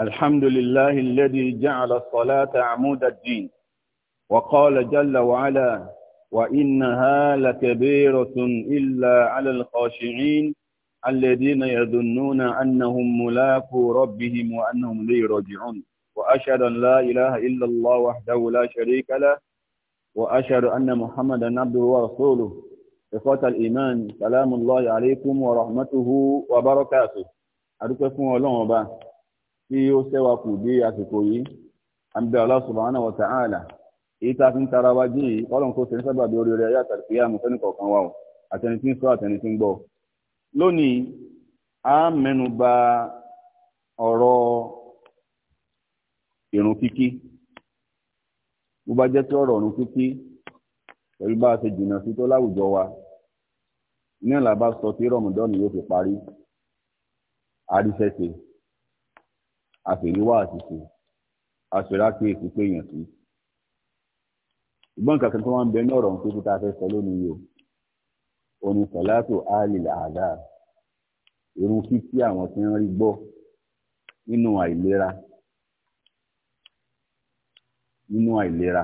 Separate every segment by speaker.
Speaker 1: الحمد لله الذي جعل الصلاة عمود الدين وقال جل وعلا وإنها لكبيرة إلا على الخاشعين الذين يظنون أنهم ملاقو ربهم وأنهم لي راجعون وأشهد أن لا إله إلا الله وحده لا شريك له وأشهد أن محمدا عبده ورسوله إخوة الإيمان سلام الله عليكم ورحمته وبركاته أدعوكم الله وبركاته tí ó ṣẹ́wà kù dé àsìkò yìí àǹbẹ̀ Allah subhanahu wa ta'ala èyí tá a fi ń tara wa jí ọlọ́run kó ṣe ní sábà bí oríire ayé àtàlùfẹ́ àmọ́ fẹ́ni kọ̀ọ̀kan wa o àtẹni tí ń sọ àtẹni ọ̀rọ̀ ìrun kíkí bó bá jẹ́ pé ọ̀rọ̀ ìrun kíkí pẹ̀lú bá ṣe jìnnà sí tó láwùjọ wa ní àlàbà sọ tí rọ̀mùdọ́nù yóò fi parí àríṣẹ́ṣe àfẹ̀ríwá àṣìṣe aṣọra pé èsì pé èèyàn sí. ìgbọ́n kankan tó wọ́n ń bẹ ní ọ̀rọ̀ ń pépé tá a fẹ́ sọ lónìí yìí o òní sọ̀látò alìlà àdá irun kíkí àwọn tí wọ́n rí gbọ́ nínú àìlera nínú àìlera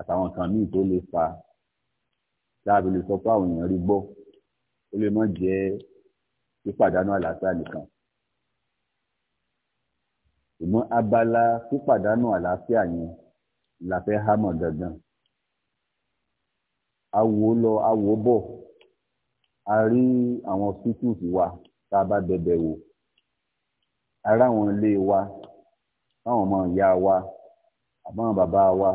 Speaker 1: àtàwọn kan míì tó lè fa láàbí lè sọ pé àwọn èèyàn rí gbọ́ ó lè má jẹ́ pípàdánù àlàáfíà nìkan ṣùgbọ́n abala pípàdánù àlàáfíà yẹn la fẹ́ há mọ̀ gangan awo lọ awo bọ̀ a rí àwọn hospitals wa tá a bá bẹ̀bẹ̀ wò ará àwọn ilé wa báwọn ọmọ ìyá wa àbáwọn bàbá wa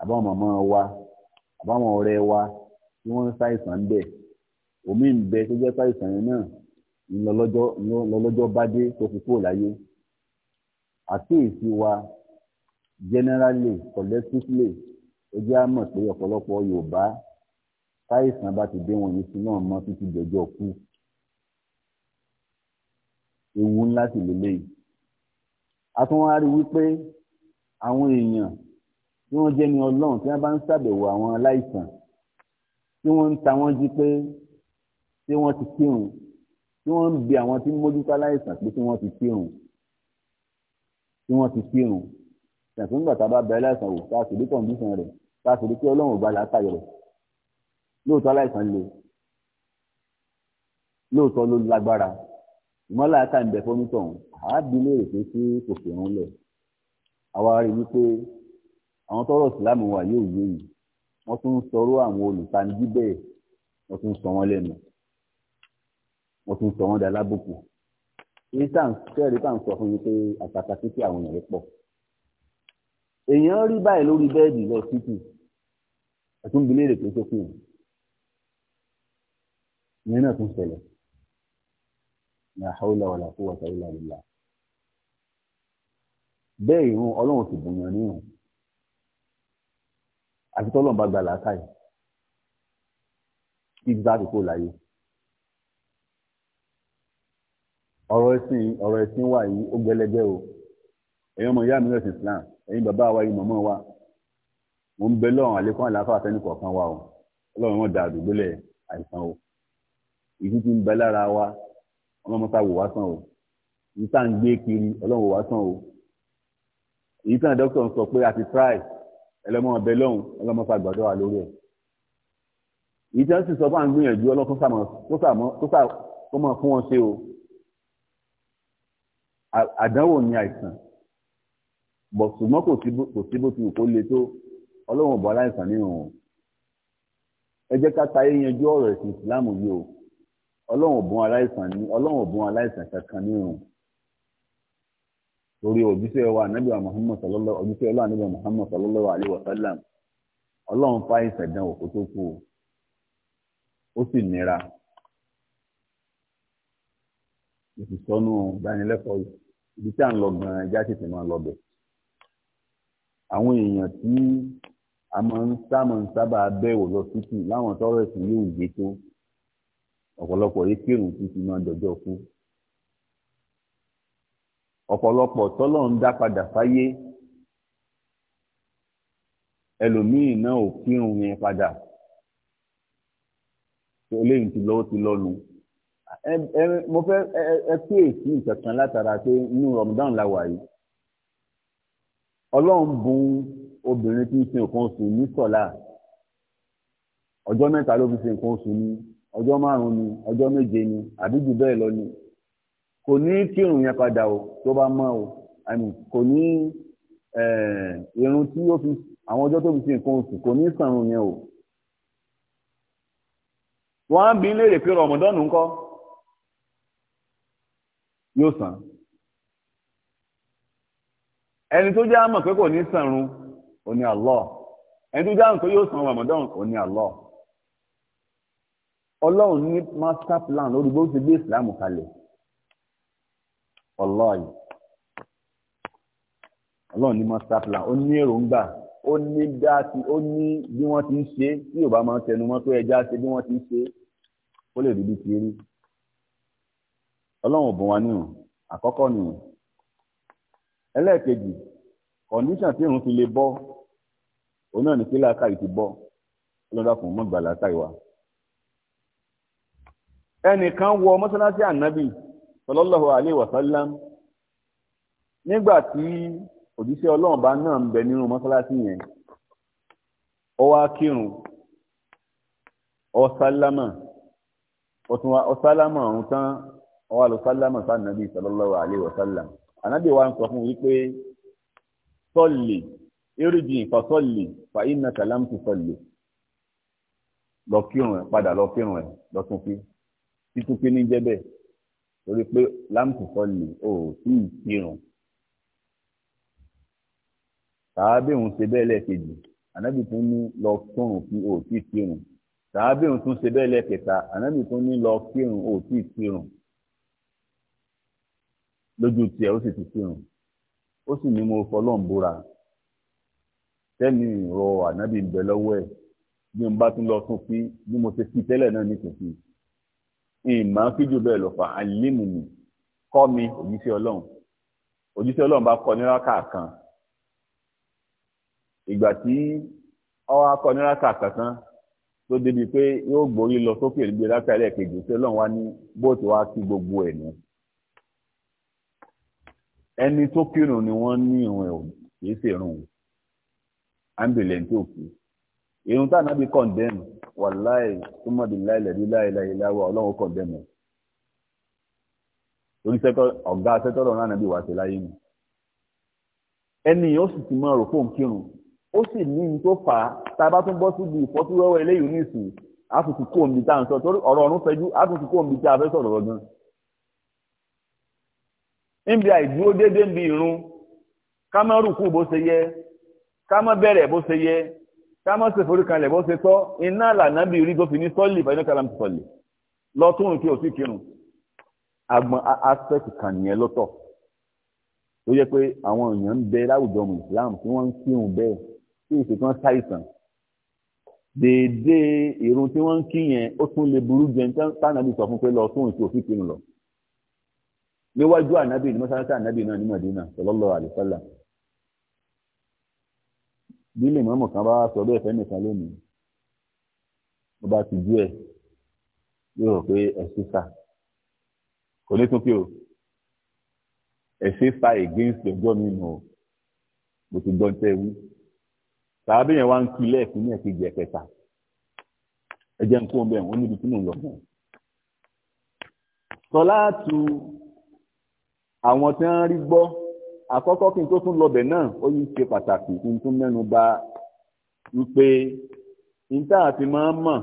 Speaker 1: àbáwọn màmá wa àbáwọn ọ̀rẹ́ wa tí wọ́n ń ṣàìsàn bẹ̀ omi ń bẹ tó jẹ́ ṣàìsàn yẹn náà ńlọlọ́jọ́ bá dé tó fi kúrò láyé àkíyèsí wa generally collectively ó jẹ́ àmọ̀ pé ọ̀pọ̀lọpọ̀ yorùbá táìsàn bá ti dé wọn yìí sí náà mọ́ títí dọjọ́ kú ewu ńlá sì lélẹ́yìí a tún wá rí wípé àwọn èèyàn tí wọ́n jẹ́ ní ọlọ́run tí wọ́n bá ń ṣàbẹ̀wò àwọn aláìsàn tí wọ́n ń ta wọ́n jí pé tí wọ́n ti kírun tí wọ́n ń bi àwọn tí ń mójútó aláìsàn pé tí wọ́n ti kírun tí wọ́n ti kírun ṣàtúntò nígbà a bá bẹ̀rẹ̀ láìsàn wò tá a sì rí kọ̀ǹdíṣàn rẹ̀ tá a sì rí pé ọlọ́run ò bá làákàyè lóòótọ́ aláìsàn le lóòótọ́ ló lágbára ìmọ̀lá ata ń bẹ fọ́nítọ̀hún àábí léèrè pé kí kò fi hàn lẹ̀ àwa rí i wípé àwọn tọrọ ìsìláàmù wa yóò yé yìí wọ́n tún ń sọ̀rọ̀ àwọn olùtanijí bẹ́ẹ̀ wọ́n tún ń sọ wọ́n lẹ́nu wọ́n tún ń sọ wọ́n dà lábùkù èyí tá à ń sẹ́ẹ̀rí tá à ń sọ fún yín pé àtàkà títí àwọn èèyàn pọ̀ èèyàn rí báyìí lórí bẹ́ẹ̀dì lọ títì ẹ̀túnbilé rẹ̀ pé sókè o ìyẹn náà tún ṣẹlẹ̀ ní àhàwùlà wàlà kó wàtà ìlà ìlà bẹ́ẹ̀ ìrún ọlọ́run ti bùnyàn níhùn àti tọ́lọ́run gbà látàyè kí gbáàdì kó láyé. ọ̀rọ̀ ẹ̀sìn ọ̀rọ̀ ẹ̀sìn wà yìí ó gbẹlẹgbẹ́ o ẹ̀yin ọmọ ìyá mi rẹ̀ sí Islam ẹ̀yin bàbá wa yìí mọ̀mọ́ wa mo ń bẹ lọ́rùn àlékún àlàáfà fẹ́ni kọ̀ọ̀kan wa o ọlọ́run wọn da àdúgbòlẹ̀ àìsàn o ìdí tí ń bẹ lára wa ọlọ́mọta wò wá sàn o ìdí tá à ń gbé kiri ọlọ́run wò wá sàn o èyí tí àwọn dókítà ń sọ pé àti try ẹlẹ́mọ ọbẹ̀ lọ́hùn ọlọ́mọta gbàdọ́ wa lórí ẹ̀ èyí tí wọ́n sì sọ fún àwọn gbìyànjú ọlọ́kùn sàmọ́ kó o. àdánwò ni àìsàn bọ̀ ṣùgbọ́n kò sí bó ti wù kó le tó ọlọ́run ọ̀bọ̀ aláìsàn nínú o ẹ jẹ́ ká tayé yanjú ọ̀rọ̀ ẹ̀sìn ìsìláàmù yìí o ọlọ́run ọ̀bọ̀n aláìsàn ní ọlọ́run kankan nínú o torí òjíṣẹ́ wa wa Muhammad òjíṣẹ́ ọlọ́run wa Muhammad wa ó nira ibi tí à ń lọ gan ẹja tètè máa ń lọ bẹ̀. àwọn èèyàn tí a máa ń sá máa ń sábà bẹ̀wò lọ títì láwọn tọrọ ẹ̀sìn yóò gbé tó ọ̀pọ̀lọpọ̀ yìí kírun tí ti máa kú. ọ̀pọ̀lọpọ̀ tọ́lọ̀ ń dá padà fáyé ẹlòmíì náà ò kírun yẹn padà eléyìí ti lọ́wọ́ ti lọ́nu. Lo mo fẹ́ ẹ kíyèsí ìtọ̀tàn látara pé inú Ramadan la wà yìí ọlọ́run bùn obìnrin tí ń sin nǹkan oṣù ní sọ̀la ọjọ́ mẹ́ta ló fi sin nǹkan oṣù ní ọjọ́ márùn-ún ní ọjọ́ méje ní àbí jù bẹ́ẹ̀ lọ ní kò ní kírun yẹn padà o tó bá mọ́ o kò ní irun tí ó fi àwọn ọjọ́ tó fi sin nǹkan oṣù kò ní sàrùn yẹn o wọ́n á bí léèrè pé Ramadan ńkọ́ yóò san ẹni tó jẹ́ àmọ̀ pé kò ní sanrun ò ní Allah ẹni tó jẹ́ àmọ̀ pé yóò san Ramadan ò ní Allah ọlọ́run ní master plan lórí bó ṣe gbé ìsìlámù kalẹ̀ ọlọ́ọ̀yì ọlọ́run ní master plan ó ní èròǹgbà ó ní dáàtì ó ní bí wọ́n ti ń ṣe tí yorùbá máa ń tẹnu mọ́ pé ẹja ṣe bí wọ́n ti ń ṣe ó lè rí ti rí ọlọ́run ò bùn wá nìyàn àkọ́kọ́ nìyàn ẹlẹ́ẹ̀kejì kọ̀ǹdíṣàn tí irun fi lè bọ́ òun náà ní kí láàkàyè ti bọ́ ọlọ́dà fún mọ́gbà láàkàyè wa. ẹnìkan wọ mọ́sálásí ànábì sallallahu alaihi wasallam nígbà tí òjíṣẹ́ ọlọ́run bá náà ń bẹ nínú mọ́sálásí yẹn ó wá kírun ó sálámà ó tún wá ó sálámà ọ̀run tán ọwọ́ alùsálàmù sànàbí sallallahu alaihi wasallam ànábì wa ń sọ fún wípé sọ́ọ̀lì eréjì ìfọ̀sọ́ọ̀lì fàyínà kàlámùtù sọ́ọ̀lì lọ kírun ẹ padà lọ kírun ẹ lọ tún fi títún fi ní jẹ́bẹ̀ torí pé lámùtù sọ́ọ̀lì ò tí ì kírun sàábéhùn ṣe bẹ́ẹ̀ lẹ́ẹ̀kejì ànábì tún ní lọ kírun kí ò tí ì kírun tún ṣe bẹ́ẹ̀ lẹ́ẹ̀kẹta ànábì tún ní lọ kírun ò tí ì lójú tiẹ̀ ó sì ti kírun ó sì ní mo fọlọ́n búra tẹ́lẹ̀ ìrọ̀ ànábì ń bẹ lọ́wọ́ ẹ̀ bí n bá tún lọ tún fi bí mo ṣe fi tẹ́lẹ̀ náà ní kìkì ìmọ̀ fídíò bẹ́ẹ̀ lọ fà àlímù mi kọ́ mi òjíṣẹ́ ọlọ́run òjíṣẹ́ ọlọ́run bá kọ nírà kàkan ìgbà tí ọwọ́ akọ nírà kàkan tán tó débi pé yóò gbórí lọ sókè níbi rákà ẹlẹ́ẹ̀kejì òjíṣẹ́ ọlọ́run wá ní bóòtù wá sí gbogbo ẹ̀ náà ẹni tó kírun ni wọ́n ní ìrun ẹ̀ kì í ṣèrun o ambulance tó kú ìrun táwọn náà bí condemn wàláì túmọ̀dé láìlẹ̀dí láìláìláwọ̀ ọlọ́run condemn ẹ̀ torí ọ̀gá sẹ́tọ́rọ̀ náà nàbí wàá ṣe láyé ni ẹni yóò sì ti mọ ọ̀rọ̀ fóun kírun ó sì ní ní tó fà á tá a bá tún bọ́ síbi ìfọ́síwẹ́wẹ́ eléyìí ní ìsìn àtúntò kóòmù tá à ń sọ torí ọ̀rọ̀ ọ̀run fẹjú àtúntò kóòmù tá a fẹ́ sọ̀rọ̀ gan níbi àìdúró dédé ń bi irun ká má rúkú bó ṣe yẹ ká má bẹ̀rẹ̀ bó ṣe yẹ ká má ṣe foríkanlẹ̀ bó ṣe tọ́ iná lànà bí rí tó fi ní sọ́ọ̀lì ìfẹ́ kálá ti sọ̀lì lọ́tún ìpín òsì kírun agbọn aspect kan nìyẹn lọ́tọ̀ tó yẹ pé àwọn èèyàn ń bẹ láwùjọ ọmọ Islam tí wọ́n ń kírun bẹ́ẹ̀ tí ìṣètò ń ṣàìsàn déédéé irun tí wọ́n ń kí yẹn ó tún lè burú jẹ tánàbí sọ fún pé lọ tún ìṣe òfin kírun lọ níwájú ànábì ní mọ́sálásí ànábì náà ní Mọ̀dínà sallallahu alaihi wasallam bí lè mọ́mọ́ kan bá sọ bẹ́ẹ̀ fẹ́ẹ́ nìkan lónìí mo bá ti jú ẹ̀ yóò rò pé ẹ ṣe sá kò ní tún pé o ẹ ṣe sá against ẹjọ́ mi nù o mo ti gbọ́n tẹ́ wí tàbí yẹn ń kí lẹ́ẹ̀kí ní ẹ̀kejì ẹ̀kẹta ẹ jẹ́ ń kó bẹ́ẹ̀ wọ́n níbi tí mò ń lọ sọlá tu àwọn tí wọ́n rí gbọ́ àkọ́kọ́ kí n tó tún lọbẹ̀ náà ó yí ṣe pàtàkì kí n tún mẹ́nu bà wípé níta àti máa ń mọ̀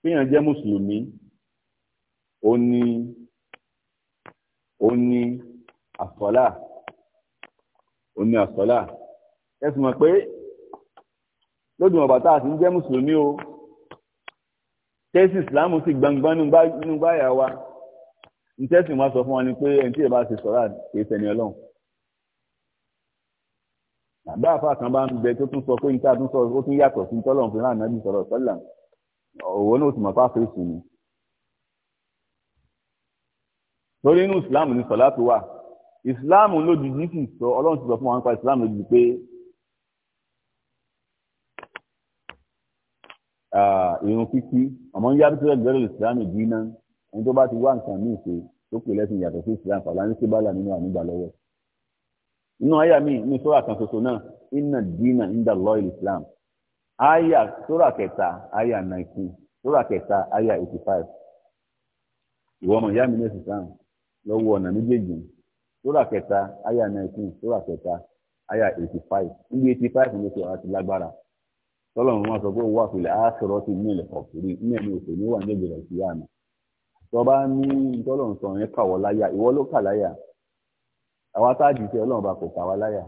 Speaker 1: kéèyàn jẹ́ mùsùlùmí ó ní ó ní àsọ́là ó ní àsọ́là ẹ mọ̀ pé lójú ọ̀bà tá a jẹ́ mùsùlùmí o tẹ́sí ìsìláàmù sì gbangba nínú báyà wa ntẹ́sìn wọn sọ fún wọn ni pé ẹni tí ìbá ṣe sọ̀rọ̀ àti ìfẹ̀ni ọlọ́run àbá àfa kan bá ń bẹ tó tún sọ pé níta tún sọ ó tún yàtọ̀ sí tọ́lọ̀ fún láàánú sọ̀rọ̀ sọ́là òwò náà tún mọ̀ fáfé sùn ni. torí inú ìsìláàmù ni sọ̀lá tó wà ìsìláàmù lójijì sì sọ ọlọ́run ti sọ fún wa nípa ìsìláàmù lójijì pé ìrun kíkí ọmọ ń yá bí tó yẹ ẹni tó bá ti wá nǹkan míì ṣe tó pè lẹ́sìn yàtọ̀ sí islam fàlà ní kíbálà nínú ànígbà lọ́wọ́ inú àyà mi ní náà dina àyà àyà àyà eighty five ìwọ ọmọ ìyá mi lọ́wọ́ ọ̀nà méjèèjì àyà àyà eighty five níbi eighty sọ pé ní ilẹ̀ ní ẹ̀mí wà ní tó bá ní ìtọ́lọ́run sọ yẹn kà wọ́ láyà ìwọ ló kà láyà àwa tá a jù sí ọlọ́run bá kò kà wá láyà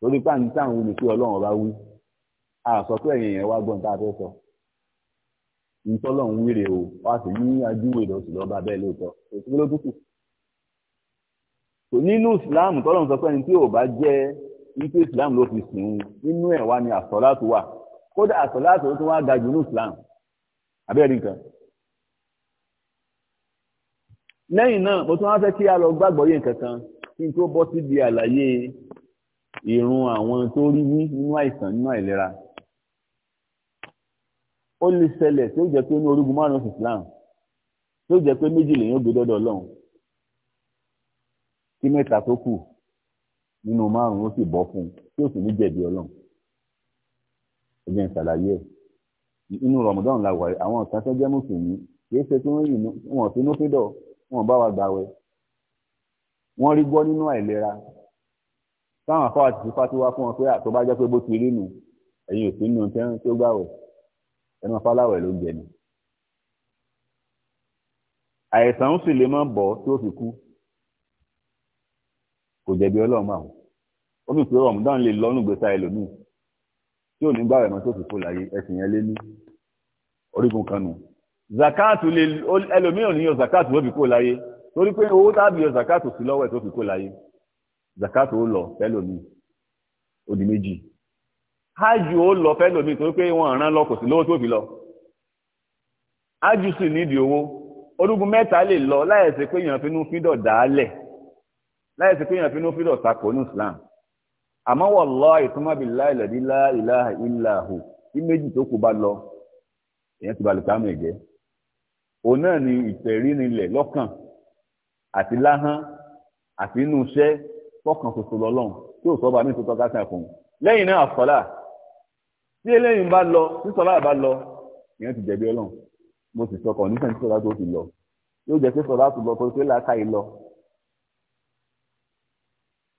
Speaker 1: torí páàní táwọn wí ni pé ọlọ́run bá wí àsọ pé ẹ̀yìn yẹn wá gbọ́n tá a fẹ́ sọ ìtọ́lọ́run wíre o wá sí ní ajúwe lọ́sì lọ́ba bẹ́ẹ̀ lóòótọ́ òsì ló dúkù nínú ìsìláàmù tọ́lọ́run sọ pé ẹni tí ò bá jẹ́ wípé ìsìláàmù ló fi sìn nínú ẹ̀ wá ni àsọ̀láàtù wà kódà àsọ̀láàtù tó wá ga jù ní ìsìláàmù lẹ́yìn náà mo tún wá fẹ́ kí a lọ gbàgbọ́ yẹn kankan kí n tó bọ́ síbi àlàyé ìrun àwọn tó rí wí nínú àìsàn nínú àìlera ó lè ṣẹlẹ̀ tí ó jẹ́ pé ní orígun márùn-ún Islam tí ó jẹ́ pé méjì lèyìn ó gbé dọ́dọ̀ Ọlọ́run kí mẹ́ta tó kù nínú márùn-ún ó sì bọ́ fún un tí ó sì ní jẹ̀bi Ọlọ́run ẹ jẹ́ n ṣàlàyé inú Ramadan la wà àwọn kan tó jẹ́ mùsùlùmí kì í ṣe tí wọ́n yìí wọ́n fi nófídọ̀ọ́ wọn bá wa gbàwẹ̀ wọ́n rí gbọ́ nínú àìlera táwọn afáwà ti fipá tó wá fún wọn pé àtọ́ bá jẹ́ pé bó ti rí nù ẹ̀yin òsì nù tẹ́rán tó gbàwẹ̀ ẹnu afáláwẹ̀ ló jẹ ni. àìsàn ń sì lè má bọ̀ tí ó fi kú kò jẹ̀bi ọlọ́run àwọn ó fi pé rọ̀mùdán lè lọ́nù gbèsè ẹlòmíì tí ò ní gbàwẹ̀ mọ́ tó fi kú láyé ẹ̀sìn yẹn lé ní orígun kan zakatu lè ẹlòmíràn ní yọ zakatu ó fi kó láyé torí pé owó tábì yọ zakatu sí lọ́wọ́ ẹ̀ tó fi kó láyé zakatu ó lọ fẹ́lòmí ó di méjì hajj ó lọ fẹ́lòmí torí pé wọ́n rán lọ kò sí lówó tó fi lọ hajj sì nídìí owó orúgun mẹ́ta lè lọ láyẹ̀sẹ̀ pé èèyàn finú fídọ̀ dálẹ̀ láyẹ̀sẹ̀ pé èèyàn finú fídọ̀ takò ní islam àmọ́ wallahi thumma billahi alladhi la ilaha illa hu tí méjì tó kù bá lọ èèyàn ti balùwẹ̀ kámẹ́ jẹ́ òun náà ni ìfẹ̀rírinlẹ̀ lọ́kàn àti láhán àti inú iṣẹ́ tọkàn ṣoṣo lọ́lọ́run tí ò sọ́ba mi tó tọ́ka sí àfọ̀hún lẹ́yìn náà àfọlá tí eléyìí bá lọ tí sọlá bá lọ ìyẹn ti jẹ̀bi Ọlọ́run mo sì sọkàn nígbà tí sọlá tó ti lọ yóò jẹ́ pé sọlá tó lọ pé làákà yìí lọ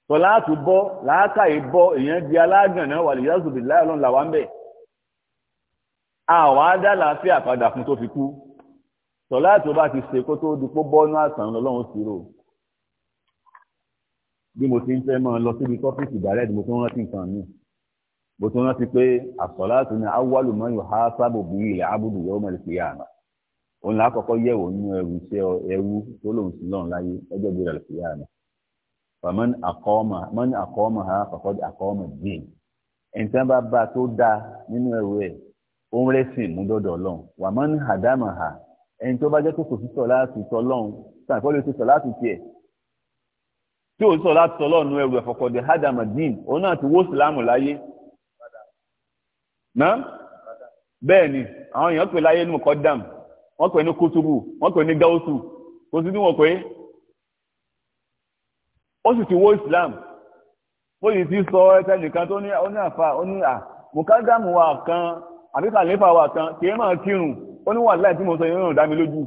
Speaker 1: sọlá tó bọ́ làákà yìí bọ́ ìyẹn di alágànnà wà lè yàtọ̀ bìláyà Ọlọ́run làwọn bẹ̀ àwọn adá làáfíà padà fún tó fi kú sọlá tí o bá ti ṣe kó tó dupò bọ́nú àtàn lọ́lọ́run sí rò bí mo ti ń fẹ́ máa lọ síbi tọ́fíìsì ìdálẹ́ ni mo tún rántí nǹkan mi mo tún rántí pé àsọlá tó ní awálùmọ́ yóò há sábò bí ilẹ̀ abudu yóò mọ̀ sí àná òun là á kọ́kọ́ yẹ̀wò nínú ẹrù iṣẹ́ ẹrú tó lòun sí lọ́run láyé ẹjọ́ bí ilẹ̀ sí àná fàmọ́n àkọ́ọ̀mà mọ́n àkọ́ọ̀mà ha fàkọ́dé àkọ́ọ̀mà dín ẹ̀ǹtẹ́ bá bá tó dáa nínú ẹrù ẹ̀ òun rẹ̀ sìn mú dọ́dọ̀ ọlọ́run wàmọ́n àdámà ha ẹni tó bá jẹ́ kó kò sí sọ láti tọ́ lọ́hùn tàbí kọ́ ló ti sọ láti tiẹ̀ tí ò sọ láti tọ́ lọ́hùn ẹrù ẹ̀fọ̀kọ̀dé hadamadin òun náà ti wó sílámù láyé náà bẹ́ẹ̀ ni àwọn èèyàn pè láyé nù kọ́dàm wọ́n pè ní kútùbù wọ́n pè ní gáúsù kò sí níwọ̀n pé ó sì ti wó islam ó sì ti sọ ẹsẹ nìkan tó ní àfa ó ní à mùkádàmù wa kan àbí kàlífà kan kì í máa kírun ó ní wà láì tí mo sọ yẹn náà dá mi lójú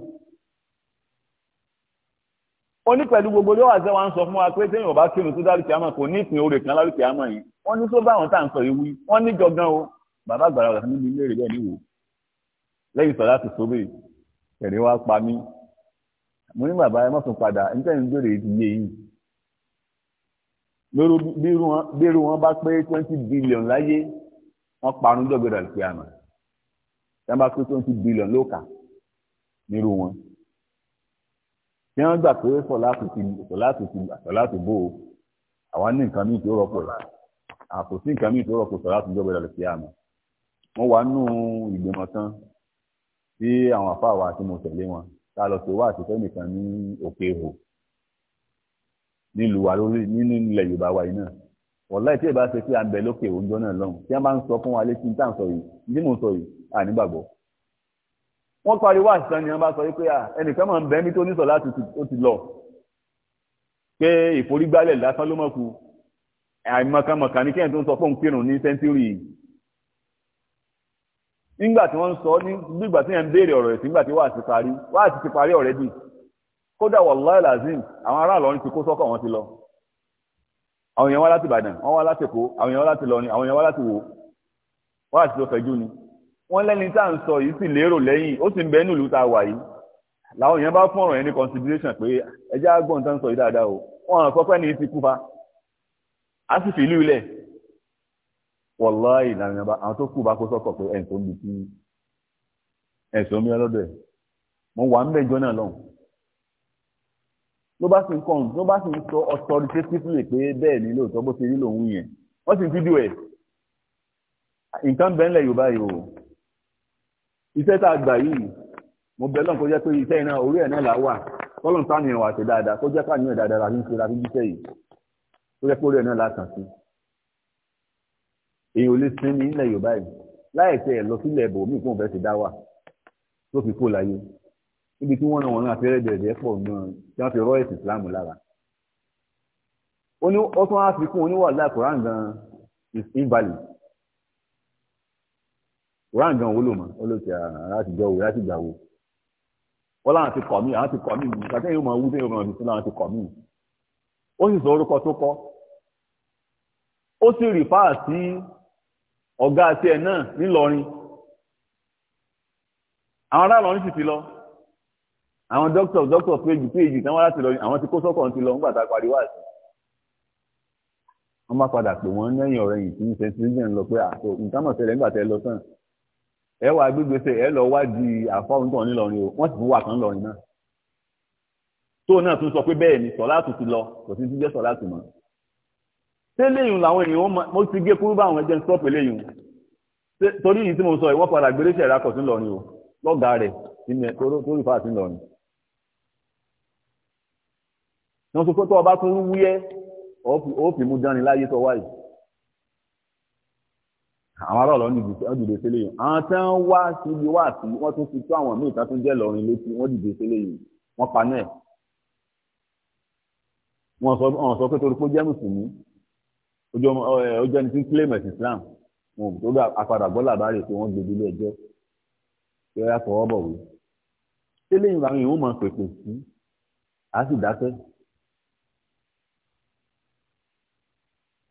Speaker 1: ó ní pẹ̀lú gbogbo yóò wà sẹ́wà ń sọ fún wa pé téèyàn bá kírun tó dárúkì àmọ́ kò ní ìpín oore kan lárúkì àmọ́ yìí wọ́n ní tó bá àwọn tá à ń sọ yìí wọ́n ní jọgán o bàbá àgbàrá ọ̀gá níbi ilé rẹ̀ bẹ́ẹ̀ níwò lẹ́yìn sọ láti sóbè ẹ̀rí wá pa mí mo ní bàbá ẹ mọ̀tún padà níta ń bèrè ìdílé yìí lóru bí irú wọn bá pé twenty billion láyé wọ́n parun jọ̀gbẹ̀rẹ̀ àti àmọ́ tí wọ́n bá pé twenty billion ló kà nírú wọn tí wọ́n gbà pé sọ̀láàtù ti sọ̀láàtù ti sọ̀láàtù bò ó àwa ní nǹkan míì tó rọ́pò àpò sí nǹkan míì tó rọ́pò sọ̀láàtù jọba ìdàlẹ̀ sí àmì wọ́n wà nù ìgbìmọ̀ tán tí àwọn àfa wa àti mo tẹ̀lé wọn tá a lọ sí owó àtijọ́ nìkan ní òkè ihò nílùú wa lórí nínú ilẹ̀ Yorùbá wa yìí náà wọ̀lá ìtí ìbá ṣe pé à ń bẹ̀ lókè òǹjọ́ náà lọ́hùn tí wọ́n bá ń sọ fún wa létí tá à ń sọ yìí ní mò ń sọ yìí à nígbàgbọ́. wọ́n pariwo àṣìṣàn ni wọ́n bá sọ pé ẹnìkan máa ń bẹ́ mi tó nísọ̀ láti ó ti lọ pé ìforígbálẹ̀ lásán ló mọ̀ kú àìmọ̀kànmọ̀kàn ní kẹ́hìn tó ń sọ fóun kírun ní sẹ́ńtúrì yìí. nígbà tí wọ́n ń sọ nígbà tí yẹn ń béèrè ọ̀rọ̀ ẹ̀sìn nígbà tí wàá ti parí wàá ti parí ọ̀rẹ́dì kódà wàláì làzim àwọn àwọn èèyàn wá láti ìbàdàn wọ́n wá láti èkó àwọn èèyàn wá láti lọrin àwọn èèyàn wá láti wò wọ́n àti lọ fẹ̀jú ni wọ́n lẹ́ni tá à ń sọ yìí sì lérò lẹ́yìn ó sì ń bẹ nílùú tá a wà yìí làwọn èèyàn bá fún ọ̀rọ̀ yẹn ní consideration pé ẹjẹ́ àgbọ̀n tá ń sọ yìí dáadáa o wọ́n ràn sọpẹ́ ní ti kú fa á sì fi ìlú ilẹ̀ wọ̀láì làwọn èèyàn àwọn tó kù bá kó sọ́kọ̀ pé ẹ̀sùn mi ọlọ́dọ̀ ẹ̀ mo wà ń bẹ̀jọ́ náà lọ́hùn ló bá sì ń kàn ló bá sì ń sọ authoritatively pé bẹ́ẹ̀ ni lóòótọ́ bó ṣe rí lòun yẹn wọ́n sì ń fídíò ẹ̀ nǹkan bẹ́ẹ̀ ńlẹ̀ yorùbá yìí o iṣẹ́ tá a gbà yìí mo bẹ̀ lọ́n kó jẹ́ pé iṣẹ́ iná orí ẹ̀ náà là wà kọ́lọ̀ ń sáàmì ìwà àti dáadáa kó jẹ́ káàmì ìwà dáadáa láti ń ṣe láti jíṣẹ́ yìí kó jẹ́ pé orí ẹ̀ náà là kàn sí èyí ò lè sinmi ńlẹ̀ yorùbá yìí láì dá wà tó fi kó láyé níbi tí wọ́n náà wọ́n náà fẹ́rẹ̀ dẹ̀rẹ̀ pọ̀ náà tí wọ́n fi rọ́ ẹ̀sìn ìsìláàmù lára ó ní ó tún á fi kún oníwà láì koran gan is invalid koran gan wo ló mọ ó ló ti láti jọ wo láti gbà wo wọ́n láwọn ti kọ̀ mí àwọn ti kọ̀ mí nígbà tẹ́yìn ó máa wú tẹ́yìn ó máa fi sún láwọn ti kọ̀ mí ó sì sọ orúkọ tó kọ́ ó sì rìfà sí ọ̀gá tiẹ̀ náà nílọrin àwọn aráàlú ọ̀rìn sì ti lọ àwọn doctors doctors péjì péjì táwọn láti lọ àwọn ti kó sọ́kàn ti lọ ń gbàtà parí wá sí wọ́n bá padà pé wọ́n lẹ́yìn ọ̀rẹ́ yìí tí ń ṣe sílẹ̀ ń lọ pé àtò nǹkan mọ̀ ṣẹlẹ̀ nígbà tẹ́ lọ sàn ẹ wà gbégbèsè ẹ lọ wádìí àfọ́rùn tó nílọrin o wọ́n sì fún wa kan lọrin náà tó náà tún sọ pé bẹ́ẹ̀ ni sọ̀láàtù ti lọ kò sí ti jẹ́ sọ̀láàtù mọ́ ṣé léyìn làwọn ènìyàn mo ti gé kúrú bá ẹjẹ ń sọ́ọ̀pù léyìn torí yìí tí mo sọ ìwọ́n padà gbéléṣẹ̀ ìrákọ̀ sí lọrin o lọ́gàá rẹ̀ torí fáà sí lọrin wọ́n sọ pé tó ọba tó ń wúyẹ́ ó fi mú dání láyé tó wáyé àwọn ará ọ̀lọ́ dìde sílé yìí àwọn tí wọ́n wá sí ibi wá sí wọ́n tún fi tó àwọn míì tá tún jẹ́ lọ́rin létí wọ́n dìde sílé yìí wọ́n paná ẹ̀ wọ́n sọ pé torí pé ó jẹ́ mùsùlùmí ó jẹ́ ẹni tí ń claim ẹ̀sìn Islam wọn tó dá apadà gbọ́ làbárè pé wọ́n gbèdé ilé ẹjọ́ pé ó yà fọwọ́ bọ̀wé sílé yìí làwọn èèyàn ó máa pèpè sí àá sì dákẹ́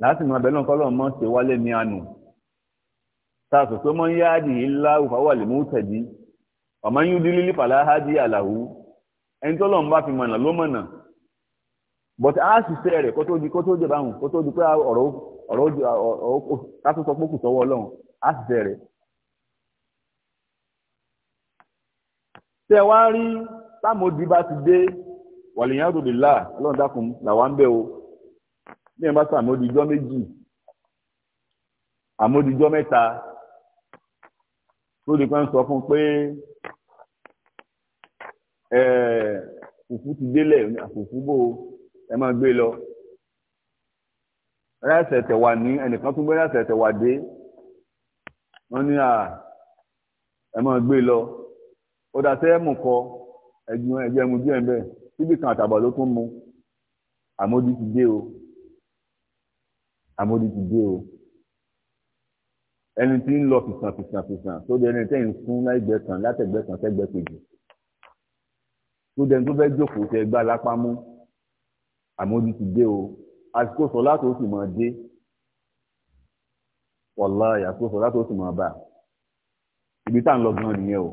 Speaker 1: láti mọ abẹ́ náà kọ́lọ́ mọ́ ṣe wálé ní àánú tá a sọ pé mọ́ ń yá àdì ńlá òfàwà lè mú tẹ̀dí ọ̀mọ́ yín dín lílí pàlà ájì àlàwú ẹni tó lọ́n bá fi mọ̀nà ló mọ̀nà bọ̀tí á sì ṣe rẹ̀ kó tó di kó tó dé báwọn kó tó di pé ọ̀rọ̀ ọ̀rọ̀ ká tó sọ pé kù sọ́wọ́ ọlọ́run á sì ṣe rẹ̀. tẹ wá rí táwọn òdì bá ti dé wàlíyàn àdùbìlà ọlọ́run dákun làwọn ń o bí ẹ bá sọ àmódijọ́ méjì àmódijọ́ mẹ́ta lórí kan sọ fún un pé fùfú ti délẹ̀ àfùfú bò ẹ máa gbé lọ ráìsì ẹ̀tẹ̀ wà ní ẹnìkan tún gbé ráìsì ẹ̀tẹ̀ wà dé wọ́n ní à ẹ máa gbé lọ ó dà sẹ́ mú kọ ẹ̀gbọ́n ẹ̀gbẹ́ mu díẹ̀ bẹ́ẹ̀ síbi kan àtàbà ló tún mu àmójú ti dé o amódi ti dé o ẹni tí ń lọ fìsàn fìsàn fìsàn tó dẹni tẹ́yìn fún láìgbẹ́ kan látẹ̀gbẹ́ kan tẹ́gbẹ́ kejì tó dẹni tó fẹ́ jókòó tẹ gbá lápá mú amódi ti dé o àsìkò sọ látò sì máa dé wàlá àsìkò sọ látò sì máa bà ibi tá à ń lọ gan nìyẹn o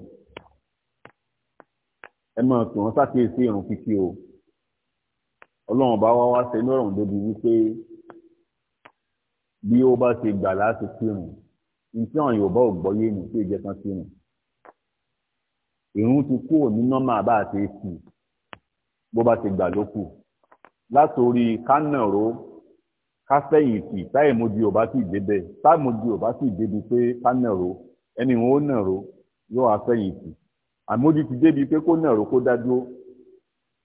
Speaker 1: ẹ máa tàn án sákèésí ìrùn kíkí o ọlọ́run bá wá wá ṣe ní ọ̀rọ̀ débi wípé bí ó bá ṣe gbà láti kírun nítí àwọn yorùbá ò gbọ́yé ní tí ìjẹ́ kan kírun ìrun ti kúrò ní nọ́mà bá a ṣe é sí bó bá ṣe gbà ló kù látòrí kánàró kásẹ̀yìntì táìmójú ò bá sì débẹ̀ táìmójú ò bá sì débi pé kánàró ẹni wọn ó nàró yóò àsẹ̀yìntì àmójú ti débi pé kó nàró kó dádúró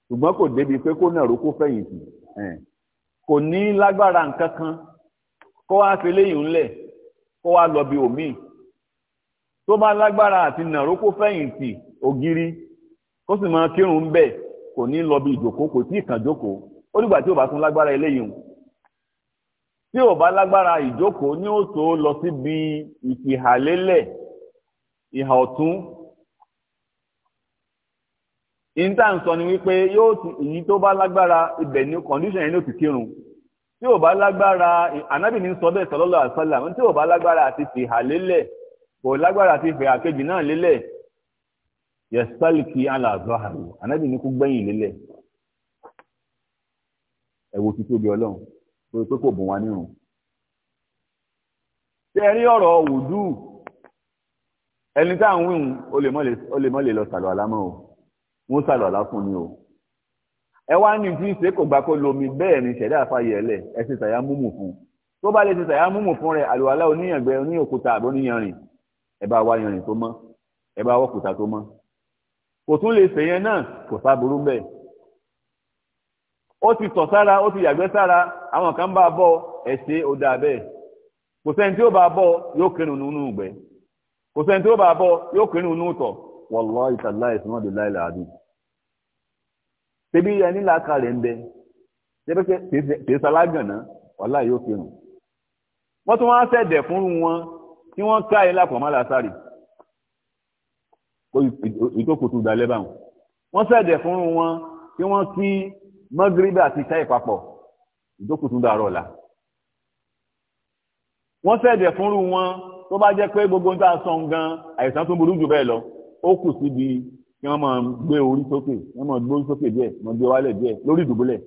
Speaker 1: ṣùgbọ́n kò débi pé kó nàró kó fẹ̀yìntì kò ní lágbára nǹkan kan. kó wá fi léyìn ńlẹ̀ kó wá lọ bí òmíì tó bá lágbára àti nàró kó fẹ̀yìntì ògiri kó sì máa kírun bẹ́ẹ̀ kò ní lọ bí ìjòkó kò sí ì kàn jókòó ó dìgbà tí ò bá tún lágbára eléyìí hùn tí ò bá lágbára ìjókòó ní ó tó lọ síbi ìfìhàlélẹ̀ ìhà ọ̀tún ìntànsọ ni wípé yóò èyí tó bá lágbára ibẹ̀ ní kọ̀ǹdíṣàn yẹn ní ti kírun tí ò bá lágbára ànábì ní sọ bẹ́ẹ̀ sallallahu alaihi wasallam tí ò bá lágbára àti fìhà lélẹ̀ kò lágbára àti fìhà kejì náà lélẹ̀ yẹsálìkì aláàzọ́hàrù ànábì ní kú gbẹ̀yìn lélẹ̀ ẹ̀wò tuntun obì ọlọ́run tó pé kò bùn wá nírun. ṣé ẹ rí ọ̀rọ̀ wùdú ẹni tá à ń wíhun ó lè mọ́ lè lọ sàlọ̀ àlámọ́ o wọ́n sàlọ̀ àlá fún ni o ẹ wá ní tí ń ṣe kò gbà kó lomi bẹ́ẹ̀ ni ṣẹ̀dá àfàyè ẹ̀lẹ̀ ẹ ti tàyà múmù fún tó bá lè ti tàyà múmù fún rẹ àlùwàlá oníyàngbẹ oníyòkúta àbí oníyanrìn ẹ bá wá yanrìn tó mọ́ ẹ bá wọ́kúta tó mọ́ kò tún lè ṣèyẹn náà kò sáburú bẹ́ẹ̀ ó ti tọ̀ sára ó ti yàgbẹ́ sára àwọn kan bá bọ́ ẹ ṣe ó dáa bẹ́ẹ̀ kò sẹ́ni tí ó bá bọ́ yóò kírun nínú ìgbẹ́ kò sẹ́ni tí ó bá bọ́ yóò kírun nínú ìtọ̀ wallahi tallahi ìsúná tẹbi ẹni làákà rẹ̀ ń bẹ tẹbi tẹsàlágànná wàhálà yóò fi hàn wọ́n tún wá sẹ̀dẹ̀ fún wọn tí wọ́n ká ẹ lápò má làásàrì ìtòkùtù dalẹ́ báwọn wọ́n sẹ̀dẹ̀ fún wọn tí wọ́n kí mọ́gíríbà àti ṣáì papọ̀ ìdókùtù dàrọ̀ ọ̀la wọ́n sẹ̀dẹ̀ fún wọn tó bá jẹ́ pé gbogbo ń tà sọ̀ gan àìsàn tó burú jù bẹ́ẹ̀ lọ ó kù síbi kí wọ́n máa gbé orí sókè wọ́n máa gbórí sókè díẹ̀ wọ́n gbé wálẹ̀ díẹ̀ lórí ìdùbúlẹ̀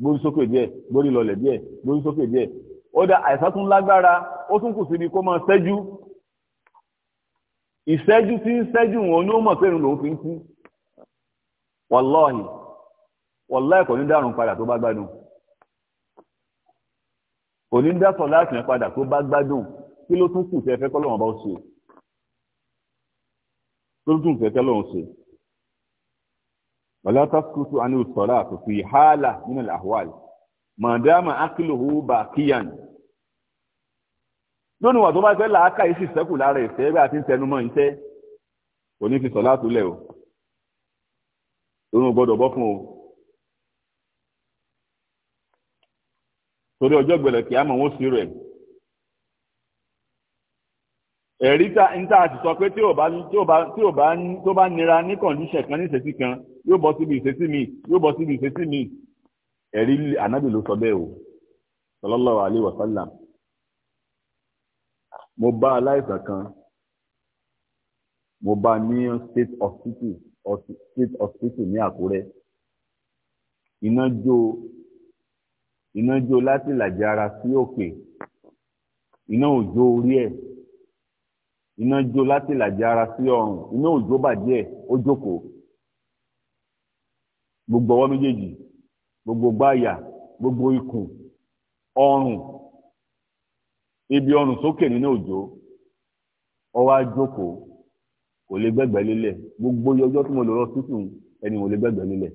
Speaker 1: gbórí sókè díẹ̀ gbórí lọlẹ̀ díẹ̀ gbórí sókè díẹ̀ ó dá àìsàn tún lágbára ó tún kù síbi kó máa ṣẹ́jú ìṣẹ́jú tí ń ṣẹ́jú wọn ni ó mọ̀ pé irun lòún fi ń kú wàlọ́ọ̀hì wàlọ́ọ̀hì kò ní dárun padà tó bá gbádùn kò ní dá sọ láti yẹn padà tó bá gbádùn kí ló tún kù tẹ́ fẹ́ lójú nǹkan tẹ́lọ̀ ń ṣe wàlá taskutu ani sọ̀rọ̀ àtòkù ìhálà nínú àhùwàlì màdàmà akílòhù bá kíyàn lónìí wà tó bá fẹ́ làákà yìí sì sẹ́kù lára ìfẹ́ bí a ti ń tẹnu mọ́ iṣẹ́ kò ní fi sọ̀lá tó lẹ̀ o lónìí gbọ́dọ̀ bọ́ fún o torí ọjọ́ gbẹ̀lẹ̀ kìá mọ̀ wọ́n sí rẹ̀ ẹ̀rí ń tà àti sọ pé tí ò bá tí ò tó bá nira ní kọ̀ǹdíṣẹ̀ kan ní ìṣesí kan yóò bọ́ síbi ìṣesí mi yóò bọ́ síbi ìṣesí mi ẹ̀rí ànábì ló sọ bẹ́ẹ̀ o sallallahu alaihi wasallam mo bá aláìsàn kan mo bá ní state hospital state hospital ní Àkúrẹ́ iná jó iná jó láti làjì ara sí òkè iná òjò orí ẹ̀ iná jó láti ìlàjì ara sí ọrùn iná òjò bàjẹ́ ó jókòó gbogbo ọwọ́ méjèèjì gbogbo gbáyà gbogbo ikùn ọrùn ibi ọrùn sókè nínú òjò ọwọ́ àjókòó kò lè gbẹ́gbẹ́ lélẹ̀ gbogbo ọjọ́ tí mo lò lọ sísun ẹni ò lè gbẹ́gbẹ́ lélẹ̀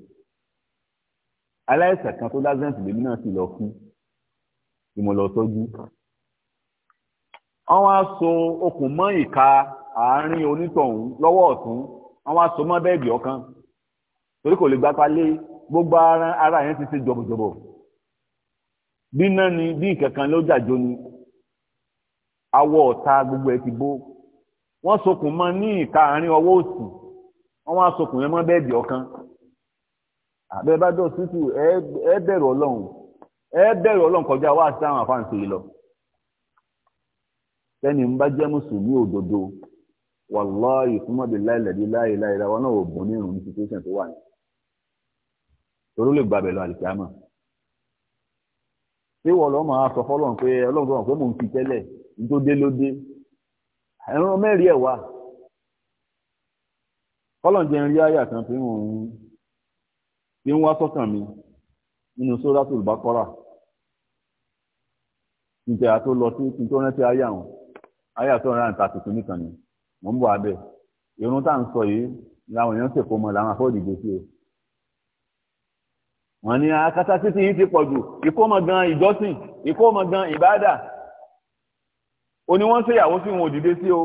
Speaker 1: aláìsàn kan tó dá zẹ́ǹtì lèmi náà sì lọ fún ni wọ́n wá so okùn mọ́ ìka àárín onítọ̀hún lọ́wọ́ ọ̀tún wọ́n wá so mọ́ bẹ́ẹ̀dì ọ̀kan torí kò lè gbapá gbogbo ara yẹn ti ṣe jọ̀bọ̀jọ̀bọ̀ bí náà ni bí ìkẹ̀kan ló ni awọ ọ̀ta gbogbo ẹ ti bó wọ́n sokùn mọ́ ní ìka àárín ọwọ́ òsì wọ́n wá sokùn yẹn mọ́ ọ̀kan ẹ bẹ̀rù lọ sẹ́ni ń bá jẹ́ mùsùlùmí òdodo wàláyé fúnmọ́bi láìlẹ́bí láìláìlá wọn náà ò bùn nínú ní situation tó wà ní. torí lè gbàbẹ̀ lọ àlìkámà. ṣé wọ́n lọ́ máa sọ fọ́lọ́n pé ọlọ́run tó wà pé mò ń fi tẹ́lẹ̀ nítorí dé ló ẹran mẹ́rin ẹ̀ wá fọ́lọ́n jẹ́ rí àyà kan tí wọ́n ń tí ń wá sọ́kàn mi nínú Suratul Baqara nígbà tó lọ sí kí rántí àyà wọn àyà tó ń ra nǹkan tuntun nìkan ni mò ń bọ̀ abẹ́ irun tá à ń sọ yìí làwọn èèyàn ṣèkó mọ làwọn afọ́ òdìgbò sí o wọ́n ní akátá ah, títí yìí ti pọ̀ jù ìkómọ gan ìjọsìn ìkómọ gan ìbáàdà ó ní wọ́n ṣèyàwó sí wọn òdìgbò sí o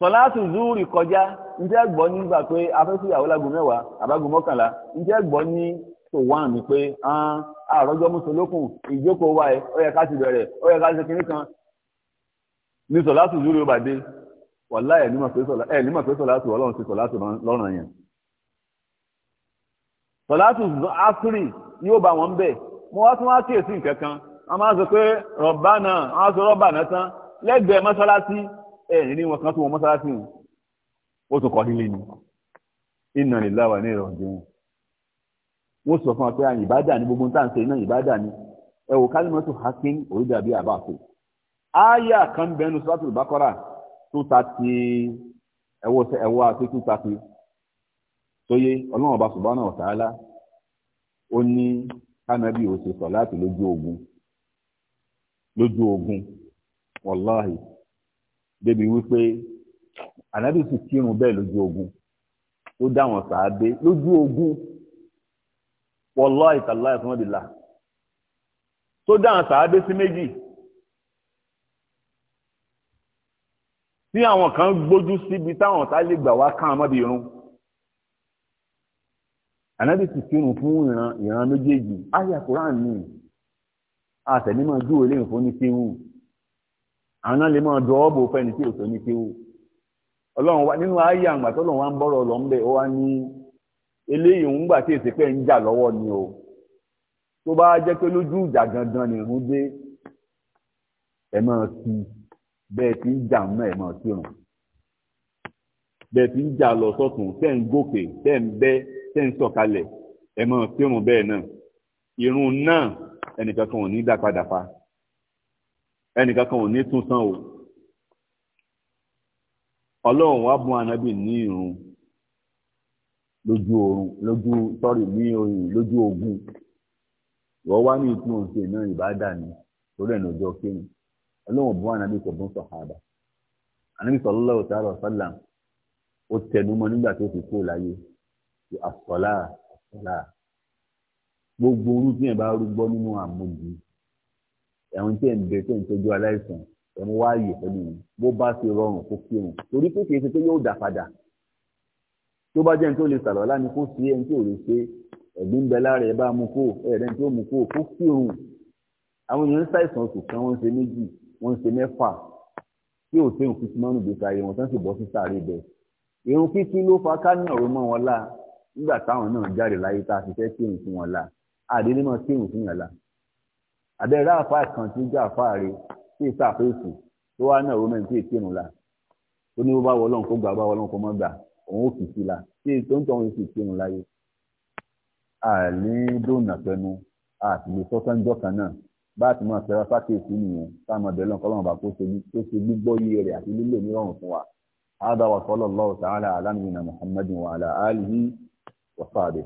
Speaker 1: sọláàtù zúúrì kọjá ǹjẹ́ gbọ́ nígbà pé afẹ́síyàwó lágùn mẹ́wàá àbágùn mọ́kànlá ǹjẹ́ gbọ́ ní tó wà ní pé ah, àròjọ mùsùlùkùn ìjókòó wa ẹ ó yẹ ká ti bẹ̀rẹ̀ ó yẹ ká ti kinní kan ní sọ̀látù zúrí ó bà dé wàlá ẹ̀ nímọ̀ pé sọ̀látù ọlọ́run ti sọ̀látù lọ́ràn yẹn sọ̀látù asiri yóò bá wọn bẹ̀ mo wá tún wá kíyèsí nǹkan kan a máa sọ pé rọ̀bá náà a sọ rọ́bà náà tán lẹ́gbẹ̀ẹ́ mọ́sálásí ẹ̀ ní wọn kan tó wọn mọ́sálásí wọn ó tún kọ́ nílé ni inna lillahi wa inna ilaihi raji'un wọ́n sọ fún wa pé àyìnbá dà ní gbogbo ń tà ń ṣe iná ìbá dà ní ẹ̀wò kálímọ́tò hakim orí dàbí àbáfẹ́ áyà kan bẹnu sọ́tù bákọ́rà tó ta ti ẹwọ́ ẹwọ́ àti tó ta ti tóyé ọlọ́run ọba subhana wa ta'ala ó ní kánábì ò ṣe sọ láti lójú ogun lójú ogun wàláhì débi wípé ànábì sì kírun bẹ́ẹ̀ lójú ogun ó dá wọn sàádé lójú ogun wàláhì tàláì fún ọdìlà tó dá wọn sàádé sí méjì. tí àwọn kan gbójú síbi táwọn tá lè gbà wá kán àmọ́bí irun ànábì sì kírun fún ìran ìran méjèèjì àyà koran ni àtẹ̀nímọ̀ júwe lè fún ní kéwù àwọn náà lè máa dọ̀ ọ́ bò fẹ́ni tí ò sọ ní kéwù ọlọ́run wa nínú àyà àgbà tọ́lọ́run wa ń bọ́rọ̀ lọ ń bẹ̀ ó wá ní eléyìí ń gbà tí èsì pé ń jà lọ́wọ́ ni o tó bá jẹ́ pé lójú ìjà gangan nìrún dé ẹ máa kí i bẹ́ẹ̀ tí ń jà náà ẹ̀ máa kírun bẹ́ẹ̀ tí ń jà lọ sọ́tún tẹ́ ń gòkè tẹ́ ń bẹ́ tẹ́ ń sọ̀kalẹ̀ ẹ̀ máa kírun bẹ́ẹ̀ náà irun náà ẹnìkan kan ò ní dá padà pa ẹnìkan kan ò ní tún san o ọlọ́run wá bùn ànábì ní irun lójú oorun lójú sọ́rí ní oyin lójú ogun wọ́n wá ní ìtumọ̀ ṣe náà ìbádà ni torí ẹ̀ lọ́jọ́ kéwìn ọlọ́run bọ́ ànábì kò bọ́n sọ̀hábà ànábì sallallahu ta'ala wa sallam ó tẹnumọ́ nígbà tó fi kó láyé àsọ̀lá àsọ̀lá gbogbo orú tí yẹn bá rúgbọ́ nínú àmójì ẹ̀hún tí yẹn bẹ̀rẹ̀ tó ń tọ́jú aláìsàn ẹ̀mú wá yè pẹ̀lú yìí bó bá ti rọrùn kó kírun torí pé kìí ṣe pé yóò dà padà tó bá jẹ́ ní tó lè sàlọ̀ láni kó sí ẹni tí lè ṣe ẹ̀gbín bẹ lára bá mú kó ẹ̀rẹ́ ní tó mú kó kó kírun àwọn èèyàn ń ṣàìsàn oṣù kan wọ́n ṣe méjì wọ́n ń ṣe mẹ́fà tí ò tẹ́hùn fífi mọ́nù gbèsè ayé wọn tán sì bọ́ sí sáré bẹ́ẹ̀. irun kíkí ló fa ká ní ọ̀rọ̀ mọ́ wọn la nígbà táwọn náà jáde láyé tá a ti fẹ́ tẹ́hùn fún wọn la àdéhùn náà tẹ́hùn fún yàn la. àbẹ́rẹ́ àfa kan tí jà àfa rẹ̀ tí ì sàfẹ́sù tó wá náà ọ̀rọ̀ mẹ́rin tí ì tẹ́hùn la. ó ní bó bá wọlọ́n kó gbà bá wọlọ́n kó mọ́ gbà òun ò kìí sí la tí ì tó ń tọ́ àlè dóònà pẹnu àtìlẹ́sọ́kànjọ́ bá a ti máa tẹra sákèsí nìyẹn táwọn ọ̀dọ́ lọ́nkọ́ lọ́wọ́ bá kó ṣe gbígbọ́ iye rẹ̀ àti lílo nírọ̀rùn fún wa. هذا وصلى الله تعالى على نبينا محمد وعلى آله وصحبه